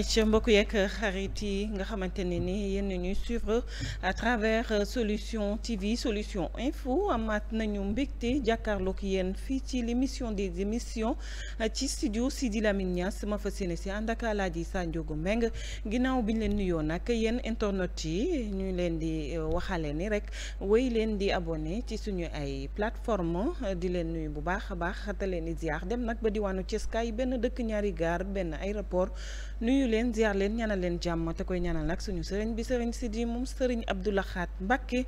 ayca mbokk yeeg xarit yi nga xamante ne ni yéen ñuy suivre à travers euh, solution TV solution info amaat nañu mbégte jàkkaarloog yéen fii ci l'émission des émissions euh, ci studio Sidi Lamine Niass ma fas yéene si ànd ak Alaaji Sanjogu Mbeng ginaaw bi ñu leen nuyoo nag yéen internet yi ñu leen di euh, waxale ni rek wéy leen di abonné ci suñu ay plateforme di leen nuyu bu baax a baax te leen di ziar dem nag ba diwaanu Ceskaay benn dëkk ñaari gaar benn aéroport nuyu leen ziar leen ñaanal leen jàmm te koy ñanal nag suñu sëriñ bi sëriñ Sidi moom sëriñ Abdou Lahat Mbacké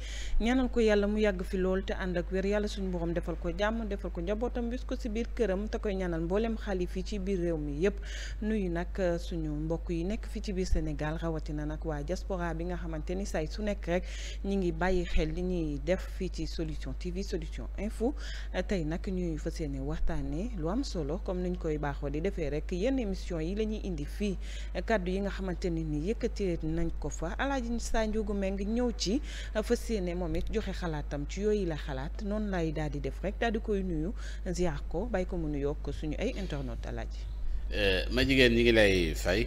ñanal ko yàlla mu yàgg fi lool te ànd ak wér yàlla suñu borom defal ko jàmm defal ko njabootam bis ko si biir këram te koy ñaanal mbooleem xalif yi ci biir réew mi yépp nuyu nag euh, suñu mbokk yi nekk fi ci biir Sénégal rawatina nag waa jasporaa bi nga xamante ni say su nekk rek ñi ngi bàyyi xel li ñuy def fii ci solution TV solution info tey nag ñuy fa yéene waxtaanee lu am solo comme niñ koy baaxoo di defee rek yenn émission yi la indi fii kaddu yi nga xamante ne nii yëkkatee nañ ko fa alaaji Sa Ndiogou Mbengue ñëw ci fas yéene moom it joxe xalaatam ci yooyu la xalaat noonu lay daal di def rek daal di koy nuyu ziar ko bàyyi ko mu nuyoo ko suñu ay internautes alaaji. Eh, ma jigéen ñi ngi lay fay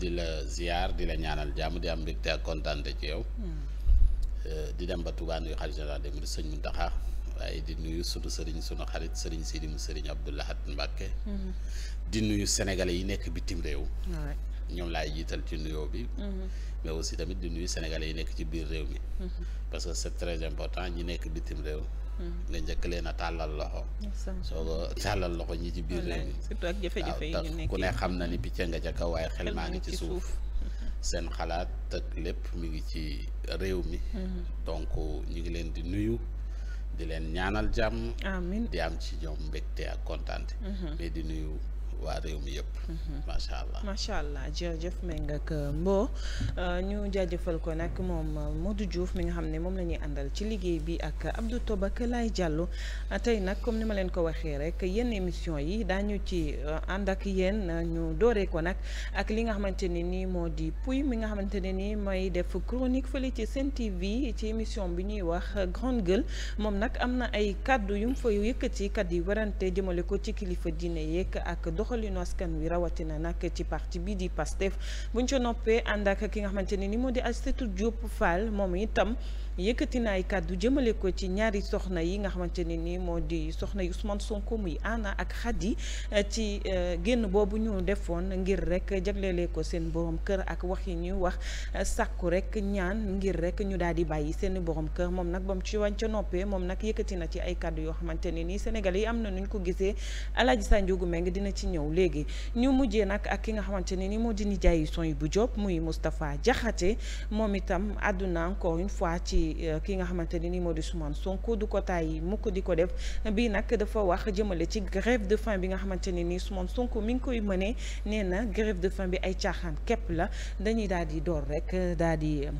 di la ziar di la ñaanal jàmm di am mbégte ak kontaante ci yow. Hmm. Eh, di dem ba Touba nuyu xarit général des waaye di nuyu sunu sëriñ sunu xarit sëriñ Sidi mu sëriñ Abdou Lahad Mbacké hmm. di nuyu sénégalais yi nekk réew. ñoom laay jiital ci nuyoo bi. Mhm. mais aussi tamit di nuyu sénégalais yi nekk ci biir réew mi. Mhm. parce que c'est très important ñi nekk bitim réew. Mhm. nga njëkk leen a tàllal loxo. soo ko tàllal loxo ñi ci biir réew mi. surtout ak jafe-jafe yi ku ne xam na ni picc nga ca kaw waaye xel maa ngi ci suuf. seen xalaat ak lépp mu ngi ci réew mi. donc ñu ngi leen di nuyu. di leen ñaanal jàmm. amiin di am ci ñoom mbégte ak kontaante. mais di nuyu. waa réew mi yëpp. Mhm. macha allah macha allah jërëjëf nga ak euh, Mbow. Euh, ñu jaajëfal ko nag moom euh, Modou Diouf mi nga xam ne moom la ñuy àndal ci liggéey bi ak Abdou Toba ak Laye tey nag comme ni ma leen ko waxee rek yenn émission yi daañu ci ànd ak yéen ñu dooree ko nag ak li nga xamante ni nii moo di puy mi nga xamante ne nii mooy def chronique fële ci Sen TV ci émission bi ñuy wax Grande Gueule moom nag am na ay kaddu yum mu fa yëkkati kaddu yu warante jëmale ko ci kilifa diine doxalinu askan wi rawatina nag ci parti bi di Pastef buñ ca noppee ànd ak ki nga xamante ne ni moo di Aïssatou Diop Fall moom itam yëkkati na ay kàddu jëmale ko ci ñaari soxna yi nga xamante ne ni moo di soxna yu Ousmane Sonko muy Anna ak Khady eh, ci eh, génn boobu ñu defoon ngir rek jaglelee ko seen borom kër ak wax yi ñuy wax eh, sàkku rek ñaan ngir rek ñu daal di bàyyi seen borom kër moom nag ba mu ci wàññi ca noppee moom nag yëkkati na ci ay kàddu yoo xamante ne nii Sénégal yi am na nuñ ko gisee Alaaji Sanjoogu Meng dina ci ñëw léegi ñu mujjee nag ak ki nga xamante ne ni moo di nijaay son yi bu Jóob muy Moustapha Jaxate moom itam àdduna encore ci euh, ki nga xamante ni nii moo di Ousmane Sonko du ko tàyyi mukk di ko def bii nag dafa wax jëmale ci grève de faim bi nga xamante ne nii Ousmane Sonko mi ngi koy mënee nee na grève de faim bi ay caaxaan képp la dañuy daal di door rek daal di. Euh,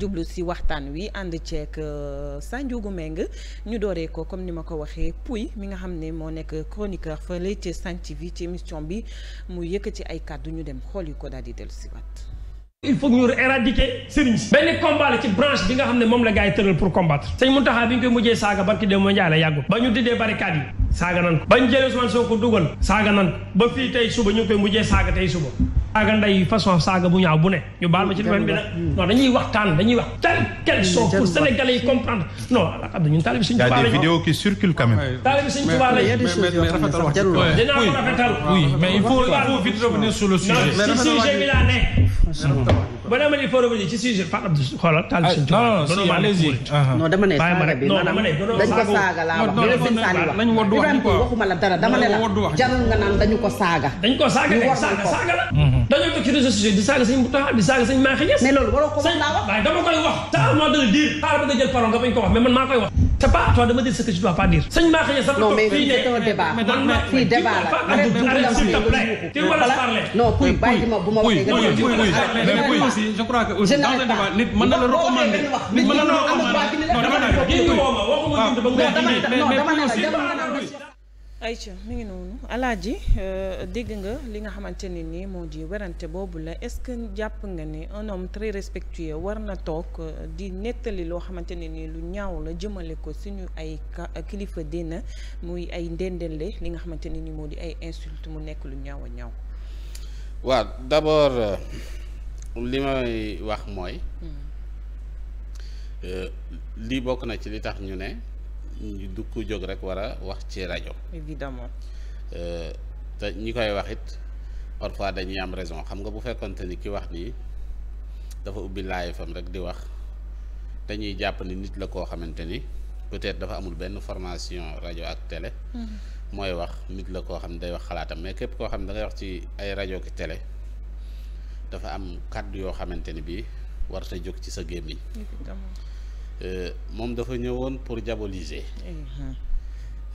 jublu si waxtaan wi ànd ceeg euh, Sandiougu Meng ñu dooree ko comme ni ma ko waxee Pouy mi nga xam ne moo nekk chroniqueur fële ci Sen TV ci émission bi mu ci ay kàddu ñu dem xool yi ko daal di dellusiwaat. il faut ñu éradiquer sëriñ si benn combat ci branche bi xam ne moom la gars yi tëral pour combattre sëñ Mountakha bi ñu koy mujjee saaga barki de moo njaale yàggul ba ñu dindee barricade yi saaga nan ba ñu jëlee Ousmane Sonko dugal saaga nan ba fii tey suba ñu koy mujjee saaga tey suba saaga nday façon saaga bu ñaaw bu ne ñu baal ma ci domaine bi nag dañuy waxtaan dañuy wax tel quel pour sénégalais yi comprendre non alaxam ñun si sujet bi laa ma di ci sujet Pape Abdou xoolal taal bi ah, non ah, ah. non dama ne saaga bi maanaam dañ ko saaga laa wax li la sëñ Sani wax Ibrahima Touré waxuma la dara dama ne la jarul nga naan dañu ko saaga dañ ko saaga dañ saaga saaga la dañoo toog ci réseaux sociaux di saaga sëñ Moutakha di saaga sëñ Mahi Niass mais loolu waroo ko wax laa dama koy wax ta ma de dire xaar ba nga jël wax c'est pas à toi de me dire ce que je dois pas dire. sëñ Ba xëy sama de non mais c'est un fii débat la arrête s'il te plaît tu vois la bu ma waxee nga mais kuy aussi je crois que aussi dans le débat nit mën na la recommander nit mën na la recommander non dama ne Aïcha mi ngi noonu alaaji euh, dégg nga li nga xamante ne nii moo di werante boobu la est-ce que jàpp nga ne un homme très respectueux war na toog euh, di nettali loo xamante ne nii lu ñaaw la jëmale ko suñu ay kilifa na muy ay ndendele li nga xamante ne nii moo di ay insulte mu nekk lu ñaaw a ñaaw. waa d'abord euh, li may wax mooy. Hmm. lii bokk na ci li tax ñu ne. du dukk jóg rek war a wax ci rajo. évidemment. Euh, te ñi koy wax it parfois dañuy am raison xam nga bu fekkonte ni ki wax nii dafa ubbi laay fam rek di wax dañuy jàpp ni nit la koo xamante ni peut-être dafa amul benn formation rajo ak télé. Mm-hmm. mooy wax nit la koo xam ne day wax xalaatam mais képp koo xam ne dangay wax ci ay rajo ki télé dafa am kàddu yoo xamante ni bii warta jóg ci sa gémmiñ Euh, moom dafa ñëwoon pour diaboliser.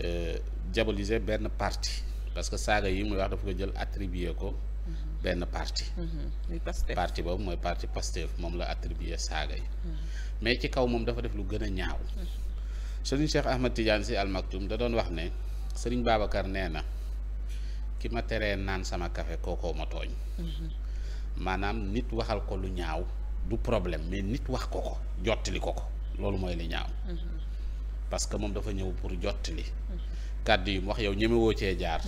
Euh, diaboliser benn parti parce que saaga yi muy wax dafa ko jël attribuer ko benn parti parti boobu mooy parti Pastef moom la attribuer saaga yi mais ci kaw moom dafa def lu gën a ñaaw sëriñ Cheikh Ahmad Tidiane si almaktum da doon wax ne sëriñ Babacar nee na ki ma teree naan sama café kookoo ma tooñ maanaam nit waxal ko lu ñaaw du problème mais nit wax ko ko jottali ko ko loolu mooy li ñaaw mm-hmm. parce que moom dafa ñëw pour jot li mm-hmm. kàddu yi mu wax yow ñemewoo cee jaar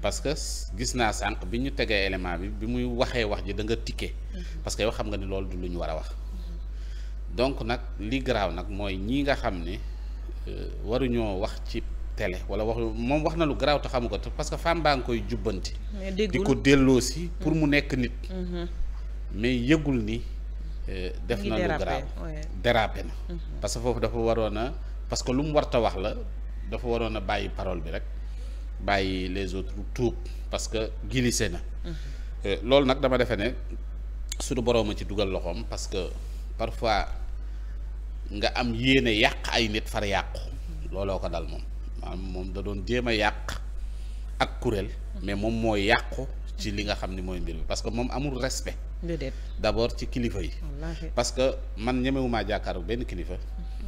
parce que gis naa sànq bi ñu tegee élément bi bi muy waxee wax ji da nga tikke mm-hmm. parce que xam nga ni loolu du lu ñu war a wax donc nag li garaaw nag mooy ñii nga xam ne euh, waruñoo wax ci télé wala wax moom wax na lu garaaw te xamu ko parce que femme baa nga koy jubbanti di ko delloo si pour mu nekk nit mais yëgul ni Eh, def na lu grave dérapé na mhm. parce que foofu dafa waroon a parce que lu mu warta wax la dafa waroon a bàyyi parole bi rek bàyyi les autres tuub parce que glissé na mhm. eh, loolu nag dama defe ne suñu boroom a ci dugal loxoom parce que parfois nga am yéene yàq ay nit far yàqu looloo ko dal moom maanaam moom da doon jéem a yàq ak kuréel mhm. mais moom mooy yàqu ci li nga xam ni mooy mbir bi parce que moom amul respect d'abord ci kilifa yi parce que man ñemewumaa jàkkaaru benn kilifa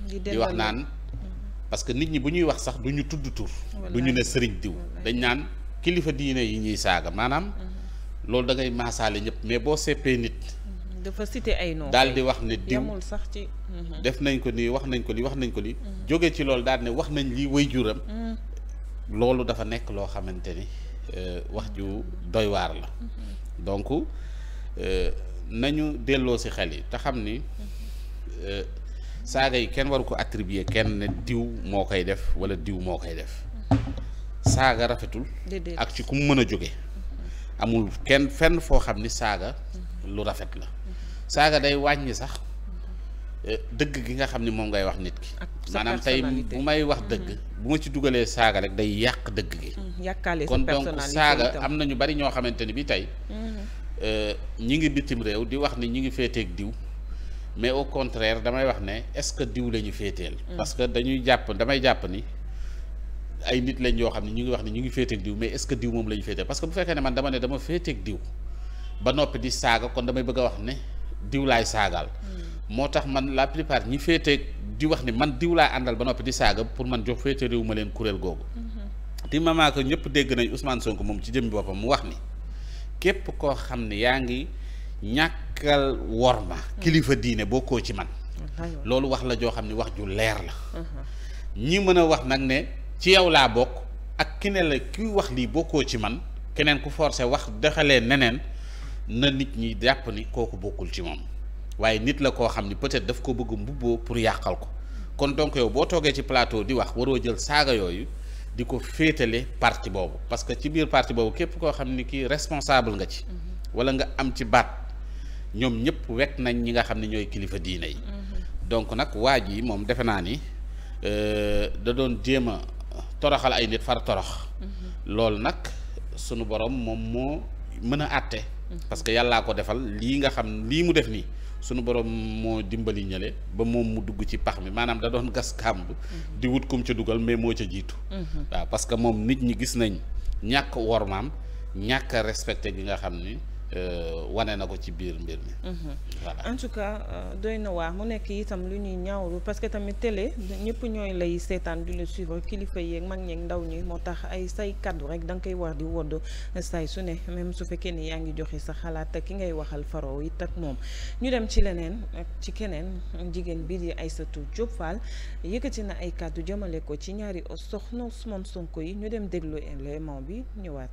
di wax naan mm-hmm. parce que nit ñi bu ñuy wax sax du ñu tudd tur du ñu ne sëriñ diw dañ naan kilifa diine yi ñuy saaga maanaam mm-hmm. loolu da ngay maasaale ñëpp mais boo seppee nit mm-hmm. dafa cité ay noms daal di wax ne diw sax ci. def nañ ko nii wax nañ ko li wax nañ ko li jóge ci loolu daal ne wax nañ li way juram loolu dafa nekk loo xamante ni euh, wax ju doy waar la donc Euh, nañu delloo si xel yi te xam ni euh, saaga yi kenn waru ko attribuer kenn ne diw moo koy def wala diw moo koy def saaga rafetul ak ci ku mu mën a jóge amul kenn fenn foo xam ni saaga lu rafet la saaga day wàññi sax euh, dëgg gi nga xam ni moom ngay wax nit ki maanaam tey bu may wax dëgg bu ma ci dugalee saaga rek day yàq dëgg gi mm-hmm. kon donc saaga am na ñu bari ñoo xamante ni bi tey mm-hmm. Euh, ñi ngi bitim réew di wax ni ñi ngi féeteeg diw mais au contraire damay wax ne est-ce que diw la ñu féeteel. Mm. parce que dañuy jàpp damay jàpp ni ay nit lañ yoo xam ne ñu ngi wax ne ñu ngi féeteeg diw mais est-ce que diw moom la ñu féeteel parce que bu fekkee ne man dama diw ba noppi di saaga kon damay bëgg a wax ne diw laay saagaal. Mm. moo tax man la plupart ñi féeteeg di wax ni man diw laa àndal ba noppi di saaga pour man jox féeteeluwu ma leen kuréel googu. Mm-hmm. di maman que ñëpp dégg nañ Ousmane Sonko moom ci jëm boppam mu wax ni. képp koo xam ne yaa ngi ñàkkal worma mm. kilifa diine bokkoo ci man loolu wax la joo xam ne wax ju leer la mm-hmm. ñi mën a wax nag ne ci yow laa bokk ak ki ne la ki wax lii bokkoo ci man keneen ku forcé wax doxalee neneen na nit ñi jàpp ni kooku bokkul ci moom waaye nit la koo xam ni peut-être daf ko bëgg mbubboo pour yàqal ko kon donc yow boo toogee ci plateau di wax waroo jël saaga yooyu di ko féetale parti boobu parce que ci biir parti boobu képp koo xam ni kii responsable nga ci. wala nga am ci baat ñoom ñëpp wekk nañ ñi nga xam ne ñooy kilifa diine yi. Mm-hmm. donc nag waa ji moom defe naa ni euh, da doon jéem a toroxal ay nit far torox. Mm-hmm. loolu nag sunu borom moom moo mën a àtte. Mm-hmm. parce que yàllaa ko defal lii nga xam lii mu def nii. sunu borom moo dimbali ñële ba moom mu dugg ci pax mi maanaam da doon gas kàmb di wut kum ca dugal mais moo ca jiitu mhm. waaw parce que moom nit ñi gis nañ ñàkk wormaam ñàkk respecté gi nga xam ni Euh, wane na ko ci biir mbir mi. Mhm. voilà en tout cas euh, doy na waa mu nekk itam lu ñuy ñaawlu parce que tamit télé ñëpp ñooy lay seetaan du la suivre kilifa yeeg mag ñeeg ndaw ñi moo tax ay say kaddu rek danga koy wax di wodd say su ne même su fekkee ni yaa ngi joxe sa xalaat ki ngay waxal faroo it ak moom ñu dem ci leneen ci keneen jigéen bii di Aïssatou Diop Fall yëkkati na ay kaddu jëmale ko ci ñaari soxna Ousmane Sonko yi ñu dem déglu élément bi ñëwaat.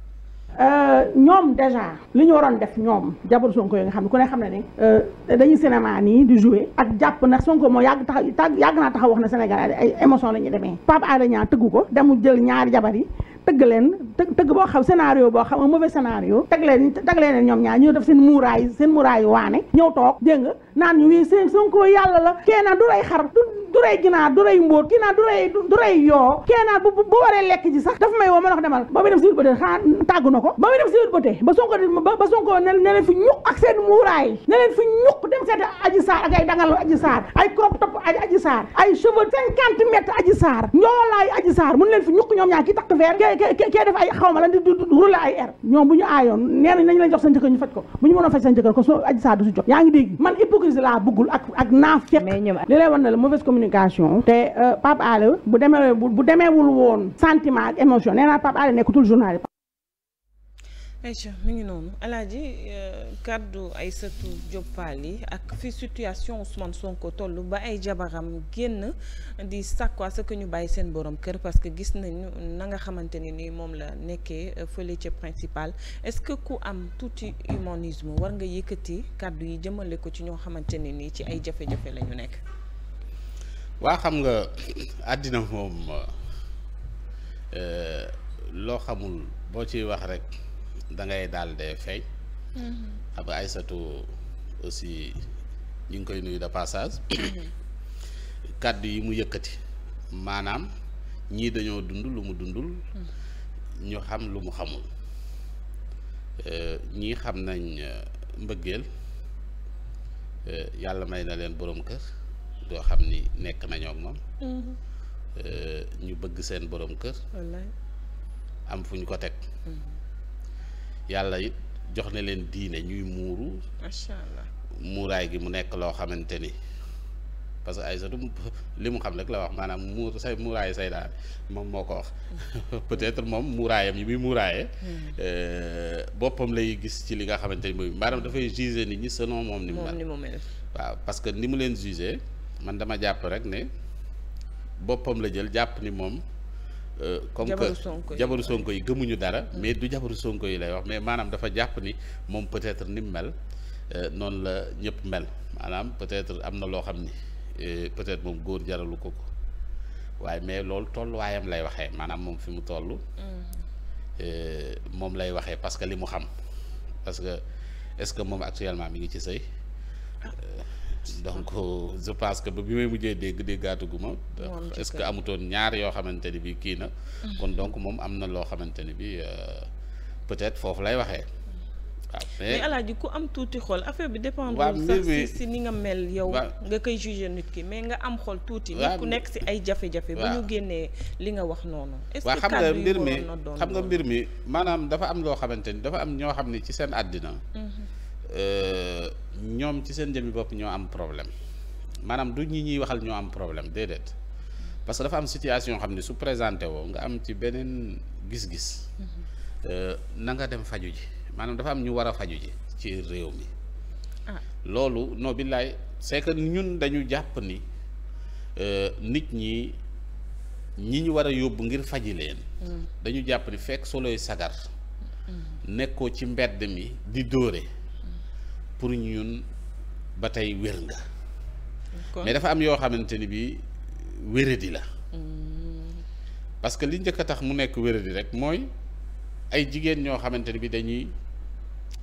Euh, ñoom déjà li ñu waroon def ñoom jabaru Sonko yi nga xam ne ku ne xam ne ni euh, dañuy cinéma nii di jouer ak jàpp na Sonko moo yàgg taxaw yàgg naa taxaw wax na Sénégal ay émotion la ñuy demee Pape Alé Niang tëggu ko demu jël ñaari jabar yi tëgg leen tëgg boo xam scénario boo xam un mauvais scénario teg leen teg leen ñoom ñaar ñëw def seen muuraay seen muuraay waane ñëw toog dégg nga naan ñu wii seen Sonko yàlla la kee na du lay xar du rey ginaar du rey mbóot kii yoo kee naan bu bu waree lekk ji sax daf may woo ma ne ko demal ba muy dem si bëte xaa tàggu na ko ba muy dem si bëte ba sonko ba sonko ne fi ñuq dem seeti aji saar ak ay dangal aji saar ay saar ay cheveux cinquante mètres aji saar njoolaay aji saar mun leen fi ñuq ñoom ñaar kii takk veer kee def ay xaw ma lan ay air ñoom bu ñu aayoon nee nañ la jox seen jëkkër ñu faj ko bu ñu mënoon faj seen jëkkër ko so aji communication te euh, Pape bu demee bu woon sentiment ak émotion nee naa Pape Alé nekkatul journaliste mi ngi noonu alaaji euh, kàddu ay sëtu joppaal yi ak fi situation Ousmane Sonko toll ba ay jabaram génn di sàkku à ce ñu bàyyi seen borom kër parce que gis nañu na nga xamante ne ni moom la nekkee euh, fële ca principal est-ce que ku am tuuti humanisme war nga yëkkati kàddu yi jëmale ko ci ñoo xamante ne nii ci ay jafe-jafe la ñu nekk. waa xam nga àddina moom euh, loo xamul boo ciy wax rek dangay ngay daal de feeñ. Mm-hmm. xam nga Aysatu aussi ñu ngi koy nuyu de passage. kàddu yi mu yëkkati maanaam ñii dañoo dund lu mu dundul. Mm-hmm. ñu xam lu mu xamul. Euh, ñii xam nañ euh, mbëggeel yàlla may na leen boroom kër. yoo xam ni nekk nañoo ak moom. Mhm. Euh, ñu bëgg seen boroom kër. am fu ñu ko teg. Mhm. yàlla it jox na leen diine ñuy muuru. macha allah muuraay gi mu nekk loo xamante ni parce que ay sa li mu xam rek la wax maanaam muur say muuraayu say daal moom moo ko wax mhm. peut-être moom muuraayam yi muy muuraaye. Euh, boppam lay gis ci li nga xamante ni mooy maanaam dafay juger nit ñi selon moom. ni mu mel waaw parce que mu leen juger. man dama jàpp rek ne boppam la jël jàpp ni moom. Euh, comme que jabaru sonko yi gëmuñu dara mais du jabaru sonko yi lay wax mais maanaam dafa jàpp ni moom peut-être ni mu mel euh, noonu la ñëpp mel maanaam peut-être am na loo xam ni euh, peut-être moom góor jaralu ko ko waaye mais loolu tolluwaayam lay waxee maanaam moom fi mu toll. Mm-hmm. moom lay waxee parce que li mu xam parce que est-ce que moom actuellement mi ngi ci sëy donc je pense que ba bi may mujjee dégg déggaatu gu ma. est-ce que amutoon ñaar yoo xamante ni bi kii na. Mm-hmm. kon donc moom am na loo xamante ni bi euh, peut-être foofu lay waxee. waaw mm-hmm. ah, mais alaaji ku am tuuti xol affaire bi dépendre sax si ni nga mel yow nga koy juger nit ki mais nga am xol tuuti nit ku nekk si ay jafe-jafe ba ñu génnee li nga wax noonu est-ce que xam nga mbir mi xam nga mbir mi maanaam dafa am loo xamante ni dafa am ñoo xam ne ci seen àddina mm-hmm. Euh, ñoom ci seen jëmmi bopp ñoo am problème maanaam du ñi ñuy waxal ñoo am problème déedéet parce que dafa am situation xam ne su présenté woo nga am ci beneen gis-gis mm-hmm. euh, na nga dem faju ji maanaam dafa am ñu war a faju ji ci réew mi ah. loolu non billaay c'est que ñun dañu jàpp ni euh, nit ñi ñi ñu war a yóbbu ngir faji leen mm. dañu jàpp ni fekk soloy sagar mm-hmm. nekkoo ci mbedd mi di dóore pour ñun ba tey wér nga mais dafa am yoo xamante ni bi wéradi la mm. parce que li njëkk a tax mu nekk wéradi rek mooy ay jigéen ñoo xamante ni bi dañuy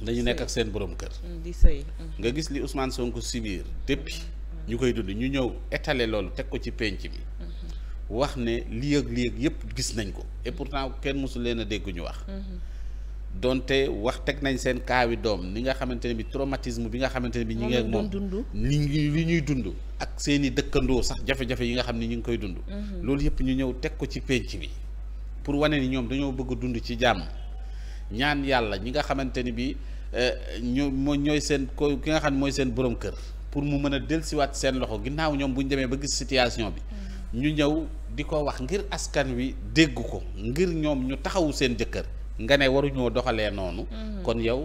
dañu nekk ak seen borom kër mm, mm. nga gis li Ousmane Sonko sibir depuis ñu koy dund ñu ñëw étaler loolu teg ko ci penc bi mm-hmm. wax ne li yëg li yëg yëpp gis nañ ko et pourtant kenn mosu leen a dégg ñu wax mm-hmm. donte wax teg nañ seen kaawi doom li nga xamante ne bi tromatisme bi nga xamante ne bi ñu ngi ak moom li li ñuy dund ak seeni i dëkkandoo sax jafe-jafe yi nga xam ne ñu ngi koy dund mhm. loolu yëpp ñu ñëw teg ko ci pénc bi pour wane ni ñoom dañoo bëgg dund ci jàmm ñaan yàlla ñi nga xamante ni bi eh, ñoo moo ñooy seen ko ki nga xam ne mooy seen borom kër pour mu mën a dellusiwaat seen loxo ginnaaw ñoom bu ñu demee ba gis situation bi mhm. ñu ñëw di ko wax ngir askan wi dégg ko ngir ñoom ñu taxawu seen jëkkër nga ne waruñoo doxalee noonu. Mhm. kon yow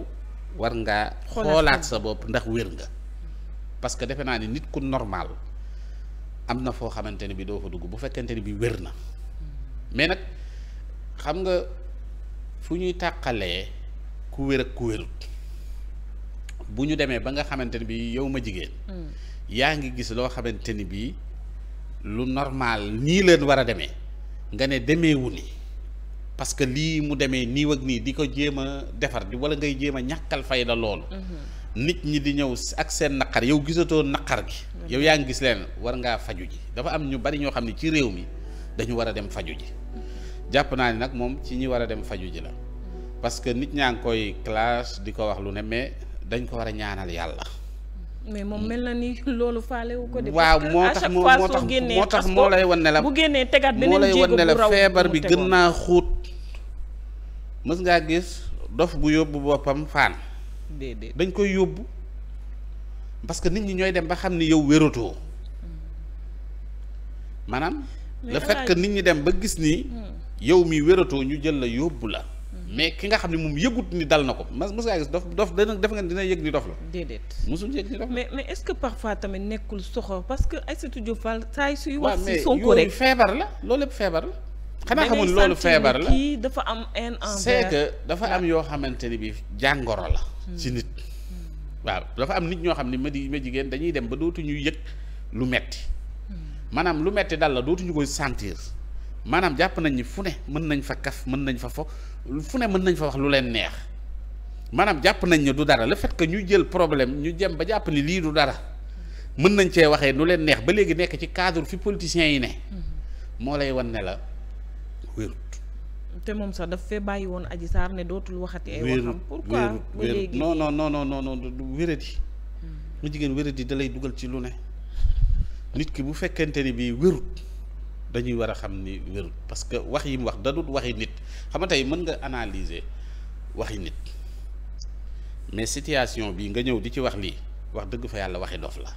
war nga xoolaat sa bopp ndax wér nga. parce que defe naa ni nit ku normal am na foo xamante ne bi doo fa dugg bu fekkente ne bi wér na mhm. mais nag xam nga fu ñuy tàqalee ku wér ku wérut bu ñu demee ba nga xamante ne bi yow ma jigéen. Mhm. yaa ngi gis loo xamante ni bii lu normal nii leen war a demee nga ne demeewu ni parce que lii mu demee nii ak nii di ko jéem a defar wala ngay jéem a ñàkkal fayda loolu. Mhm. nit ñi di ñëw ak seen naqar yow gisatoo naqar gi. Mhm. yow yaa ngi gis leen war ngaa faju ji dafa am ñu bari ñoo xam ne ci réew mi dañu war a dem faju ji. Mhm. jàpp naa ni nag moom ci ñi war a dem faju ji la. parce que nit ñaa ngi koy classe di ko wax lu ne mais dañ ko war a ñaanal yàlla. mais moom mel na ni loolu faale wu ko de. waaw moo tax moo tax moo tax moo lay la bu génnee tegaat beneen jéego bu moo lay wan ne la feebar bi gën naa xóot. mës ngaa gis dof bu yóbbu boppam faan déedéet dañ koy yóbbu parce que nit ñi ñooy dem ba xam ni yow wératoo maanaam le fait que nit ba gis ni hmm. yow mi wératoo ñu jël la yóbbu la hmm. mais ki nga xam ne moom yëgut ni dal na ko ma mos ngaa gis dof def nga dina yëg ni dof la. déedéet mosul yëg ni dof est ce que parfois tamit nekkul soxor parce que Aïssatou Diop Fall saa suy wax si Sonko rek feebar la loolu yëpp feebar la. xanaa xamul loolu feebar la kii dafa am haine dafa am yoo xamante ni bi jàngoro la hmm. ci nit hmm. waaw dafa am nit ñoo xam ne ma di ma jigéen dañuy dem ba dootuñu yëg lu metti hmm. maanaam lu metti dal la dootuñu koy sentir maanaam jàpp nañ ni fu ne mën nañ fa kaf mën nañ fa fo fu ne mën nañ fa wax lu leen neex maanaam jàpp nañ ne du dara la fet que ñu jël problème ñu jëm ba jàpp ni lii du dara mën nañ cee waxee nu leen neex ba léegi nekk ci cadre fi politiciens yi ne moo lay ne la wérut. te moom sax daf fee bàyyi woon aji Sarr ne dootul waxati. ay waxam pourquoi wérut wérut non non non non non du mu hmm. jigéen wérati da dugal ci lu ne. nit ki bu fekkente ni bii wérut dañuy war a xam ni wérut parce que wax yi mu wax dadut waxi nit xam nga tey mën nga analyser waxi nit mais situation bii nga ñëw di ci wax lii wax dëgg fa yàlla waxi dof la.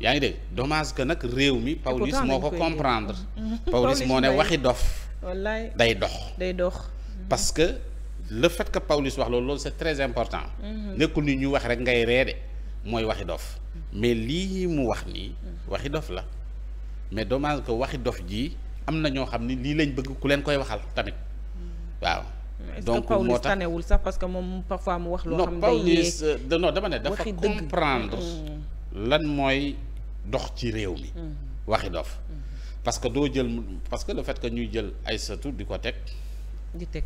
yaa ngi de dommage que nag réew mi Pawlish moo ko comprendre mhm. Pawlish moo ne waxi dof wallaay day dox day dox mhm. parce que le fait que Pawlish wax loolu loolu c'est très important mhm. nekkul ni ñuy wax rek ngay reede mooy waxi dof mais lii mu wax nii waxi dof la mais dommage que waxi dof jii am na ñoo xam ni lii lañ bëgg ku leen koy waxal tamit waaw donc moo tanewul sax parce que moom parfois mu wax loo xam ne non Pawlish non dama ne dafa comprendre lan mooy dox ci réew mi mm-hmm. waxi dof mm-hmm. parce que doo jël parce que le fait que ñuy jël ay satu di ko teg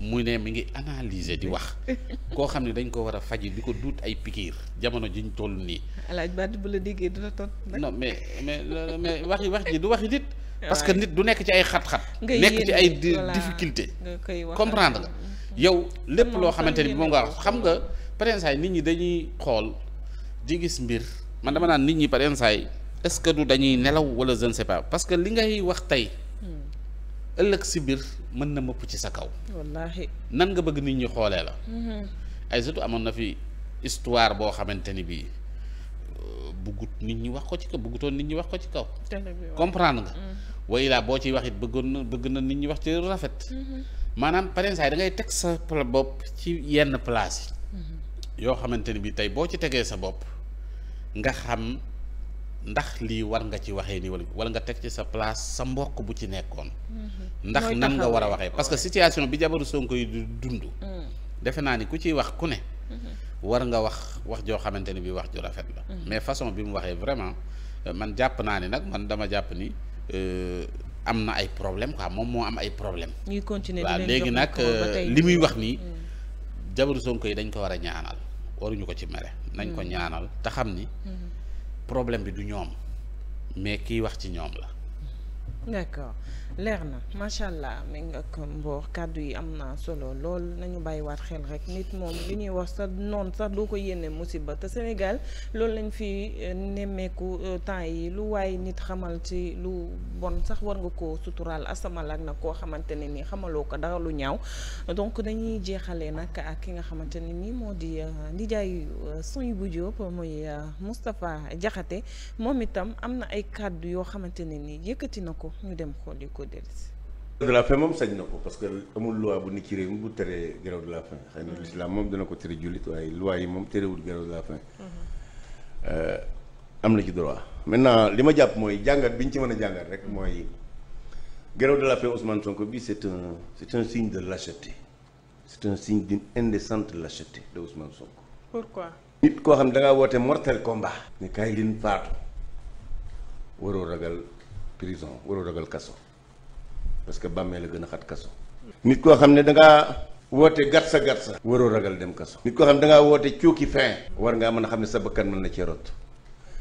mu ne mi ngi analyser di wax koo xam ne dañ ko war a faji di ko duut ay pikiir jamono ji ñu toll nii alaaj bàdd bu la déggee du la tontu mais mais mais waxi wax ji du waxi nit parce que nit du nekk ci ay xat-xat nekk ci ay difficulté comprendre nga mm-hmm. yow lépp loo xamante ni bi moom nga wax xam nga parents nit ñi dañuy xool di gis mbir man dama naan nit ñi parents yi est-ce que du dañuy nelaw wala je ne sais pas parce que li ngay wax tey ëllëg si mën na mëpp ci sa kaw. nan nga bëgg nit ñi xoolee la. Mhm. ay surtout amoon na fi histoire boo xamante ni bii euh, bëggut nit ñi wax ko ci kaw bëggutoon nit ñi wax ko ci kaw. comprendre nga. Mhm. waaye laa boo ciy wax bëggoon na bëgg na nit ñi wax ci rafet. Mhm. maanaam parents yi da ngay teg sa bopp ci yenn place yi. yoo xamante ni bii tey boo ci tegee sa bopp nga xam. ndax lii war nga ci waxee nii wala nga teg ci sa place sa mbokk bu ci nekkoon. Mhm. ndax nan nga war a waxee parce que situation bi jabaru Sonko yi du dund. Mm. defe naa ni ku ciy wax ku ne. Mhm. war nga wax wax joo xamante ni bii wax ju rafet la. Mhm. mais façon bi mu waxee vraiment euh, man jàpp naa ne nag man dama jàpp ni. Euh, am na ay problème quoi moom moo am ay problème ñuy continuer waaw léegi nag euh, li muy wax nii mm. jabaru Sonko yi dañ ko war a ñaanal waruñu ko ci mere nañ ko mm. ñaanal te xam ni mm-hmm. problème bi du ñoom mais kiy wax ci ñoom la d'accord leer na macha allah mi ngi ko mboor kàddu yi am na solo lool nañu bàyyiwaat xel rek nit moom li ñuy wax sa noon sax doo ko yéene musiba te Sénégal loolu lañ fi euh, nemmeeku euh, temps yi lu waaye nit xamal ci lu bon sax war nga ko suturaal asamal ak nag koo xamante ne nii xamaloo ko dara lu ñaaw donc dañuy jeexalee nag ak ki nga xamante ne nii moo di nijaay suy bu Diop muy euh, Moustapha Diakhaté moom itam am na ay kàddu yoo xamante ne nii yëkkati na ko. ko ñu dem xool yi ko dellusi grève de la faim moom sañ na ko parce que amul loi bu nit ci réew mi bu teree grève de la faim xëy na l'islam moom dina ko tere jullit waaye loi yi moom terewul grève de la faim euh, am na ci droit maintenant li ma jàpp mooy jàngat bi ñu ci mën a jàngat rek mooy grève de la faim Ousmane Sonko bi c'est un c'est un signe de lâcheté c'est un signe d'une indécente lâcheté de Ousmane Sonko. pourquoi. nit koo xam ne woote mortel combat. ne kaay leen faatu prison waroo ragal kaso parce que bàmmee la gën a xat kaso nit koo xam ne dangaa woote gatsa gatsa waroo ragal dem kaso nit koo xam ne dangaa woote cuuki fin war ngaa mën a xam ne sa bakkan mën na cee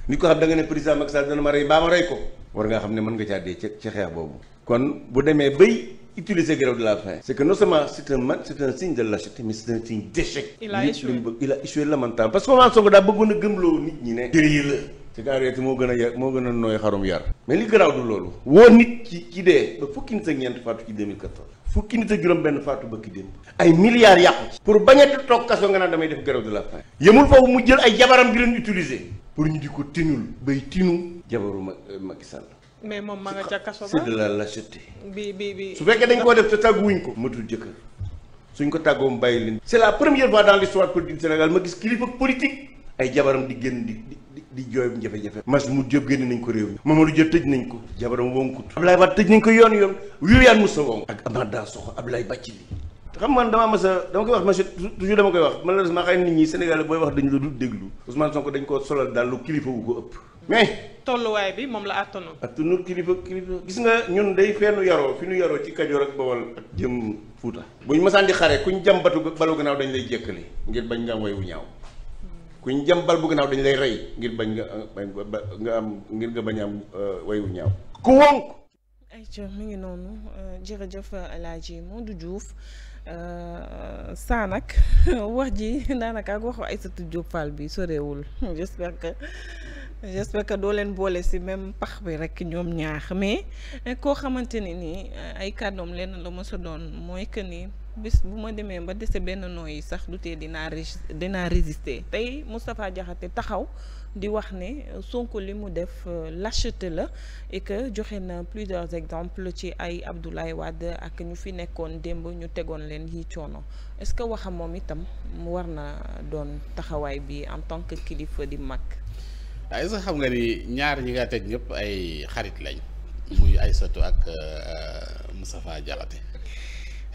nit koo xam da nga ne président Macky Sall dana ma rey baa ma rey ko war ngaa xam ne mën nga caa dee ci xeex boobu kon bu demee bay utiliser grève de la faim c'est que non seulement man c'est un signe de lâcheté mais c'est un signe il a échoué lamentablement parce que a cigarette moo gën a yar moo gën a nooy xarum yar mais li garaaw du loolu woo nit ci ci dee ba fukki nit ak ñeent faatu ci 2014 fukki nit ak juróom benn faatu bëkki démb ay milliards yàqu ci pour bañ a toog kaso nga naan damay def grève de la faim yemul foofu mu jël ay jabaram di leen utiliser pour ñu di ko tinul bay tinu jabaru euh, Macky Sall mais moom ma nga ca kaso ba bi bi bi su fekkee dañ koo def te tàgguwuñ ko matul jëkkër suñ ko tàggoo mu bàyyi leen c'est la première fois dans l'histoire politique du Sénégal ma gis kilifa politique ay jabaram di génn di jooyum jafe-jafe mas mu Diop génne nañ ko réew mi Mamadou Diop tëj nañ ko jabaram wonkut Ablaye Wade tëj nañ ko yoon yoon William Moussa Wong ak Amath Dansokho Ablaye Bathily xam man damaa mas a dama koy wax monsieur toujours dama koy wax malheureusement xëy nit ñi Sénégal booy wax dañu la dul déglu Ousmane Sonko dañ koo solal daal lu kilifa wu ko ëpp mais tolluwaay bi moom la attanu attanu kilifa kilifa gis nga ñun day feenu yaroo fi ñu yaroo ci Kajoor ak Bawol ak jëm Fuuta buñ masaan di xare kuñ jàmbatu balu gannaaw dañ lay jékkale ngir bañ nga woy wu ñaaw ku ñu jam bal bu dañu lay rey ngir bañ nga nga am nga bañ am euh, wayu ñaaw ay ca mi ngi noonu euh, jërëjëf Alaaji Modou Diouf euh, saa nag wax ji daanaka ak waxu Aïssatou Diop Fall bi sorewul j'espère que j'espère que doo leen boole si même pax bi rek ñoom ñaax mais koo xamante ni nii ay kàddoom lenn la mos a doon mooy que ni bis bu ma demee ba dese benn nooyi sax du tee dinaa rés dinaa résister tey Moustapha Diakhaté taxaw di wax ne Sonko li mu def euh, lâcheté la et que joxe na plusieurs exemples ci ay Abdoulaye Wade ak ñu fi nekkoon démb ñu tegoon leen yi coono est-ce que waxam moom itam mu war na doon taxawaay bi en tant que kilifa di mag. waaye ah, sax xam nga ni ñaar ñi nga teg ñëpp ay xarit lañ muy Aïssatou ak euh, Moustapha Diakhaté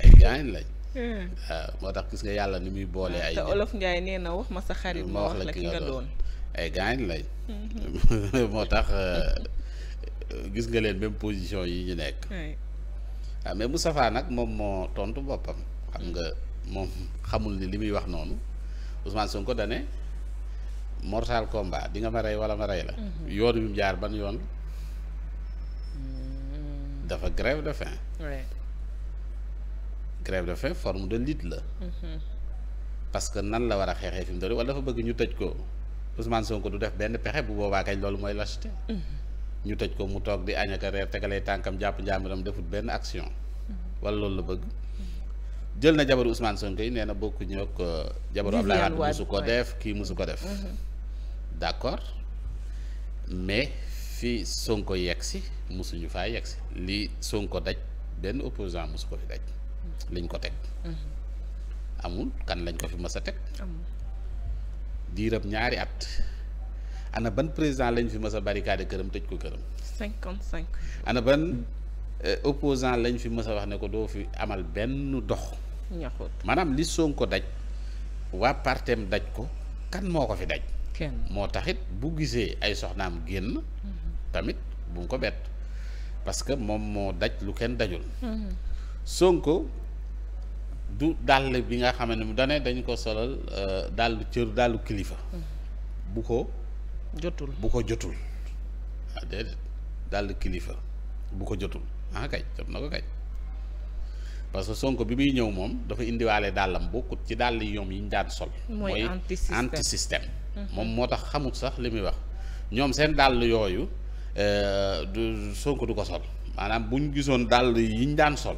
ay gaañ lañ. waaw hmm. ah, moo tax gis nga yàlla ni muy boole ah, ay te olof nee na wax ma sa xarit. Hmm, ma wax la ki nga doon ay gaañ lañ. Hmm. moo tax euh, gis nga leen même position yi ñu nekk. waaw ah, mais Moustapha nag moom moo tontu boppam. xam nga moom xamul ni li muy wax noonu Ousmane Sonko ko ne mortal combat di nga ma rey wala ma rey la. yoon wi mu jaar ban yoon. dafa grève de faim. grève de faim forme de lutte la. parce que nan la war a xeexee fi mu toll dafa bëgg ñu tëj ko Ousmane Sonko du def benn pexe bu boobaa loolu mooy lâcheté. ñu tëj ko mu toog di añ ak reer tegalee tànkam jàpp njàmburam defut benn action. wala loolu la bëgg. jël na jabaru Ousmane Sonko yi nee na bokkuñu ak euh, jabaru Abdoulaye Wade musu ko def kii musu ko def mhm. d'accord mais fi Sonko yegg si musuñu faa yegg si li Sonko daj benn opposant musu ko fi daj lañ ko teg mm-hmm. amul kan lañ ko fi mës a teg diiram ñaari at ana ban président lañ fi mës a barricade këram tëj ko këram cinquante cinq ana ban euh, opposant lañ fi mës a wax ne ko doo fi amal benn dox maanaam li ko daj waa partem daj ko kan moo ko fi daj moo taxit bu gisee ay soxnaam génn mm-hmm. tamit bu mu ko bett parce que moom moo daj lu kenn dajul mm-hmm. Sonko du dàll bi nga xam ne mu dane dañ ko solal euh, dàllu cër dàllu kilifa mm-hmm. bu ko jotul bu ko jotul ah déedéet dàllu kilifa bu ko jotul ah kay jot na ko kay parce que Sonko bi muy ñëw moom dafa indiwaale dàllam bokkut ci dàll yoom yi ñu daan sol mooy anti mm-hmm. moom moo tax xamut sax li muy wax ñoom seen dàll yooyu euh, du Sonko du ko sol maanaam bu ñu gisoon dàll yi ñu daan sol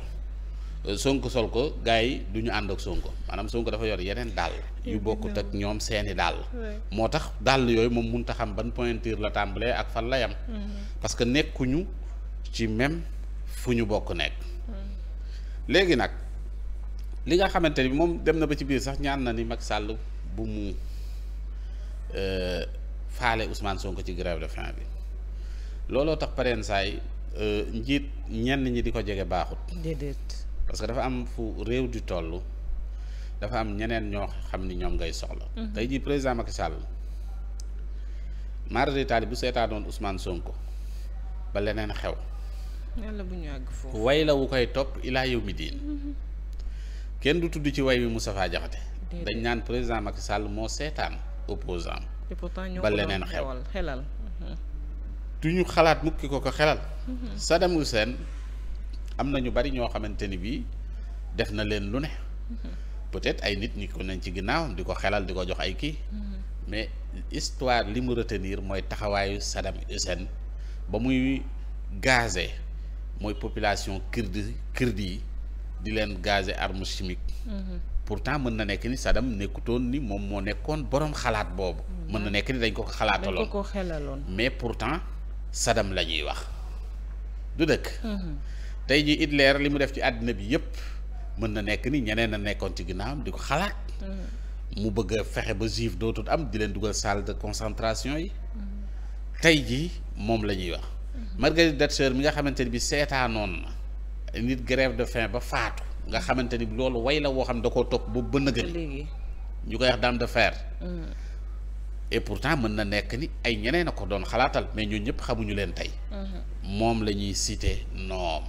Sonko sol ko gars yi du ñu ànd ak Sonko maanaam Sonko dafa yor yeneen dàll yu bokkut ak ñoom seeni dàll moo tax dàll yooyu moom mënut a xam ban pointure la tàmbalee ak fan la yam mm-hmm. parce que nekkuñu ci même fu ñu bokk nekk mm-hmm. léegi nag li nga xamante ni moom dem na ba ci biir sax ñaan na ni mag Sall bu mu euh, faale Ousmane Sonko ci grève de faim bi looloo tax pareen saay euh, njiit ñenn ñi di ko jege baaxut parce que dafa am fu réew di toll dafa am ñeneen ñoo xam ni ñoom ngay soxla. Mhm. tey jii président Macky Sall mardi taali bu seetaanoon Ousmane Sonko ba leneen xew. yàlla bu ñu àgg foofu way la wu koy topp ilaa yow mi diin mhm. kenn du tudd ci way wi mu Moustapha Diakhaté dañ naan président Macky sàll moo seetaan opposant ba leneen xew xelal mhm. du ñu xalaat mukki ko ko xelal Saddam Hussein am na ñu bari ñoo xamante ni bii def na leen lu ne. peut-être ay nit ñi ko nañ ci ginnaaw di ko xelal di ko jox ay kii. mais histoire li mu retenir mooy taxawaayu Saddam Hussein ba muy gazé mooy population kurdi kurdi yi di leen gazé arme chimique. pourtant mën na nekk ni Saddam nekkutoon ni moom moo nekkoon boroom xalaat boobu. mën na nekk ni dañ ko ko xalaataloon xelaloon mais pourtant Saddam la ñuy wax du dëkk. Mhm. tey jii Hitler li mu def ci àddina bi yëpp mën na nekk ni ñeneen a nekkoon ci ginnaawam di ko xalaat. Mm-hmm. mu bëgg a fexe ba juif dootul am di leen dugal salle de concentration yi. Mm-hmm. tey jii moom la ñuy wax. Mm-hmm. Marguerite Thatcher mi nga xamante ni bi seetaanoon na nit grève de faim ba faatu nga xamante ni loolu way la woo xam ne da koo topp ba bënn gën ñu koy wax dame de fer. et pourtant mën na nekk ni ay ñeneen a ko doon xalaatal mais ñun ñëpp xamuñu leen tey. moom la ñuy cité noom.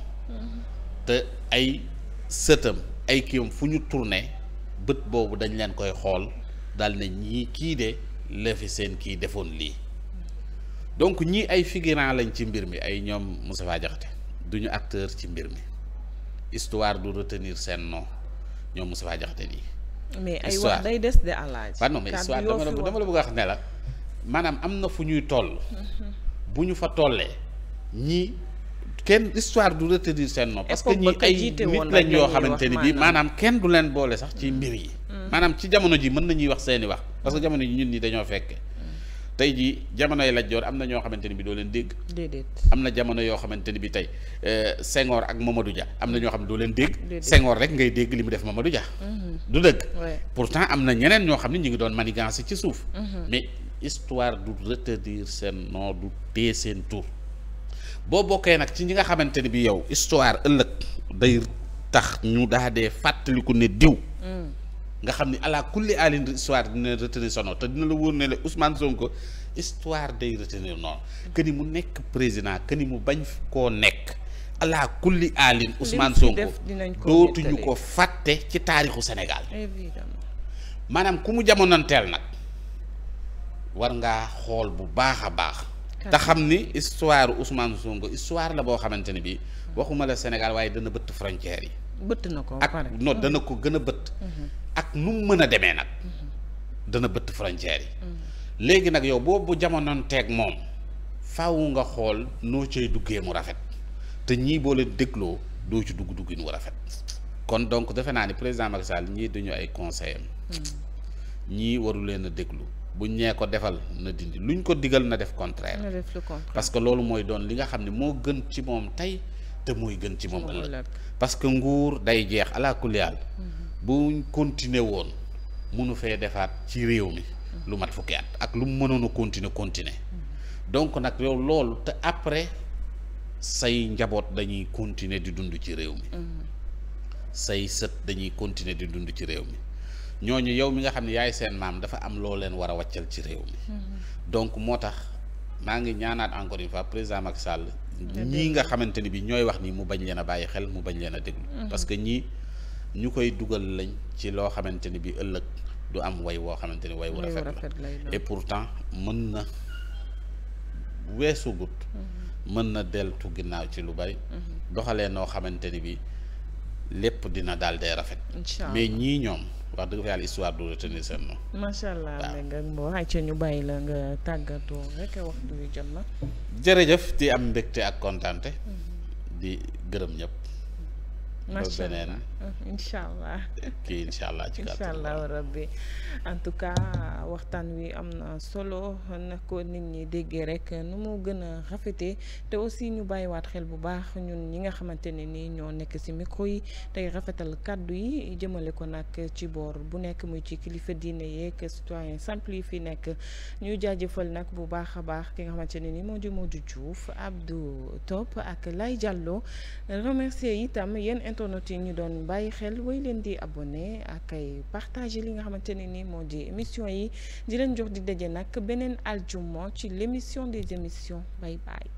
te ay sëtam ay kiiwam fu ñu tourné bët boobu dañ leen koy xool daal ne ñii kii de la fi seen kii defoon lii donc ñii ay figurant lañ ci mbir mi ay ñoom Moustapha Diakhaté duñu acteur ci mbir mi histoire du retenir seen nom ñoom Moustapha Diakhaté nii. mais ay wax day des de alaaj non mais histoire dama la dama la bëgg a wax ne la maanaam am na fu ñuy toll. Mhm. bu ñu fa tollee ñii kenn histoire du retenir seen nopp parce que ñi ay nit lañ yoo xamante ni maanaam kenn du leen boole sax ci mbir yi mm. maanaam ci jamono ji mën nañuy wax seeni wax parce que jamono ji ñun ñi dañoo fekke mm. tey jii jamonoy Lat Joor am na ñoo xamante ni bi doo leen dégg déedéet am na jamono yoo xamante ni bi tey eh, Senghor ak Mamadou Dia am na ñoo xam ne doo leen dégg sengoor rek ngay dégg li mu def Mamadou Dia mm-hmm. du dëgg pourtant am na ñeneen ñoo xam ne ñu ngi doon manigancé ci suuf mm-hmm. mais histoire du retenir seen nom du tee seen tur boo bokkee nag ci ñi nga xamante ni bi yow histoire ëllëg day tax ñu daa dee fàttaliku ne diw mm. nga xam ni ala kulli alin histoire dina retenir sono te dina la wóor ne la Ousmane Sonko histoire day retenir noonu que ni mu nekk président que ni mu bañ koo nekk ala kulli alin Ousmane Sonko dootuñu ko fàtte ci taarixu Sénégal maanaam ku mu jamonanteel nag war ngaa xool bu baax a baax te xam ni histoire Ousmane Sonko histoire la boo xamante ne bii waxuma la Sénégal waaye dana bëtt frontières yi. bëtt na ko ak non dana ko gën a bëtt. Mhm. ak nu mu mën a demee nag. dana bëtt frontières yi. Mhm. léegi nag yow boobu jamonoon teeg moom faaw nga xool noo cay duggee mu rafet te ñii boo leen dégloo doo ci dugg duggin wu rafet. kon donc defe naa ni président Macky Sall ñii dañu ay conseil am. Mhm. ñii waru leen déglu. buñ ñee ko defal na dindi luñ ko digal na def contraire parce que loolu mooy doon li nga xam ne moo gën ci moom tey te mooy gën ci moom ëllëg parce que nguur day jeex ala kuliyal mhm. buñ continuer woon munu fee defaat ci réew mi lu mat fukki at ak lu mu mënoon a continuer mhm. donc nag yow loolu te après say njaboot dañuy continuer di dund ci réew mi mhm. say sët dañuy continuer di dund ci réew mi ñooñu yow mi nga xam ne yaay seen maam dafa am loo leen war a wàccal ci réew mi mm-hmm. donc moo tax maa ngi ñaanaat encore yi fois président Macky Sall ñii nga xamante ni bi ñooy wax nii mu bañ leen a bàyyi xel mu bañ leen a déglu mm-hmm. parce que ñii ñu koy dugal lañ ci loo xamante ni bi ëllëg du am way woo xamante ni way wu rafet la et pourtant mën na weesu gut mm-hmm. mën na deltu ginnaaw ci lu bari doxalee noo xamante ni bi lépp dina daal day rafet mais ñii ñoom wax dëgg fa yàlla histoire du retenir seen nom. macha allah ak moo ayca ñu bàyyi la nga tàggatoo rek waxtu wi jot na. jërëjëf di am mbégte ak kontaante. Mhm. di gërëm ñëpp. macha allah incha allah kii allah ci kàttan incha rabbi en tout cas waxtaan wi am na solo na ko nit ñi déggee rek nu mu gën a rafetee te aussi ñu bàyyiwaat xel bu baax ñun ñi nga xamante ne nii ñoo nekk ci micro yi tey rafetal kàddu yi jëmale ko nag ci boor bu nekk muy ci kilifa diine yeeg citoyen simple yi fi nekk ñuy jaajëfal nag bu baax a baax ki nga xamante ne nii moo di juuf Diouf Abdou Top ak Lay Diallo remercier itam yéen internet yi ñu doon. bàyyi xel woy leen di abonné ak ay partager li nga xamante ne ni moo di émission yi di leen jox di daje nag beneen aljuma ci l'émission des émissions bye bye.